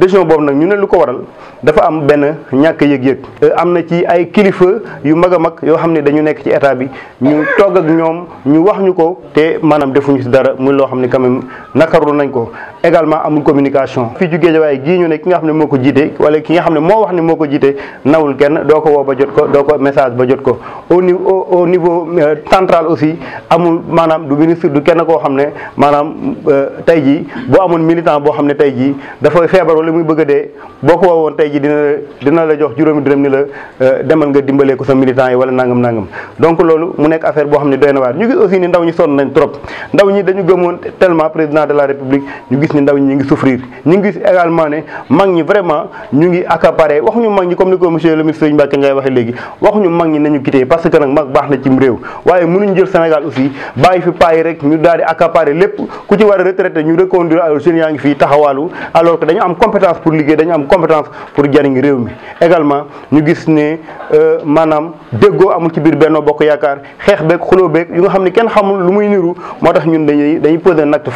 décision boobu nag ñu ne lu ko waral dafa am benn ñàkk yëg-yëg euh, am na ci ay kilifa yu mag a mag yoo xam ne dañu nekk ci état bi ñu togg ak ñoom ñu wax ñu ko te maanaam defuñu si dara muy loo xam ne quand même nañ ko également amul communication fii ju waaye gii ñu ne ki nga xam ne moo ko jiite wala ki nga xam ne moo wax ne moo ko jiite nawul kenn doo ko woo ba jot ko doo ko message ba jot ko au niveau au niveau euh, aussi amul maanaam du ministre du kenn koo xam ne maanaam euh, tey jii boo amoon militant boo xam ne tey jii dafay feebar wala muy bëgg dee boo ko woowoon tey jii dina dina la jox juróomi dërëm ni la euh, demal nga dimbalee ko sa militant yi wala nangam nangam donc loolu mu nekk affaire boo xam ne doy na waar ñu gis aussi ni ndaw ñi sonn nañ trop ndaw ñi dañu gëmoon de la république gis ni ndaw ñi ñu ngi souffrir ñu ngi gis également ne mag ñi vraiment ñu ngi accaparé waxuñu mag ñi comme ni ko monsieur le ministre Serigne Mbacké ngay waxee léegi waxuñu mag ñi nañu quitté parce que nag mag baax na cim réew waaye mënuñ jël Sénégal aussi bàyyi fi payi rek ñu daal di accaparé lépp ku ci war a retraité ñu reconduire alors jeunes yaa ngi fii taxawaalu alors que dañu am compétence pour liggéey dañu am compétence pour jariñ réew mi également ñu gis ne euh, maanaam déggoo amul ci biir Benno Bokk Yaakaar xeex beeg xuloo beeg yu nga xam ne kenn xamul lu muy niru moo tax ñun dañuy dañuy poser un acte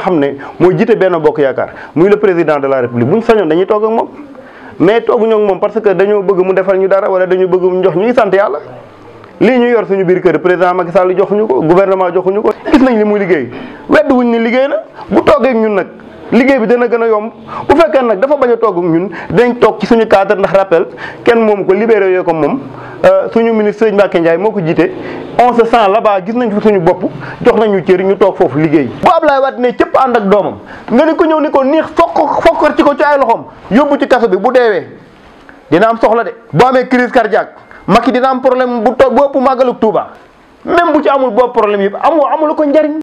xam ne moo jiite benn bokk yaakaar muy le président de la république bu ñu sañoon dañuy toog moom mais tooguñu ak moom parce que dañoo bëgg mu defal ñu dara wala dañoo bëgg mu jox ñuy sant yàlla lii ñu yor suñu biir kër président Macky Sall joxuñu ko gouvernement joxuñu ko gis nañ li muy liggéey wedd wuñ ni liggéey na bu toogee ak ñun nag liggéey bi dana gën a yomb bu fekkee nag dafa bañ a toog ñun dañ toog ci suñu cadre ndax rappel kenn moom ko libéré yooyu ko moom Euh, suñu ministre Serigne Mbacké Ndiaye moo ko jiite on se sent là-bas gis nañ fa suñu bopp jox nañu cër ñu toog foofu liggéey bu Ablaye Wade ne cëpp ànd ak doomam nga ni ko ñëw ni ko niix fokk ko ci ko ci ay loxoom yóbbu ci kaso bi bu deewee dina am soxla de boo amee crise cardiaque Macky dina am problème bu toog bu ëpp màggalu Touba même bu ci amul boobu problème yëpp amul amul ko njariñ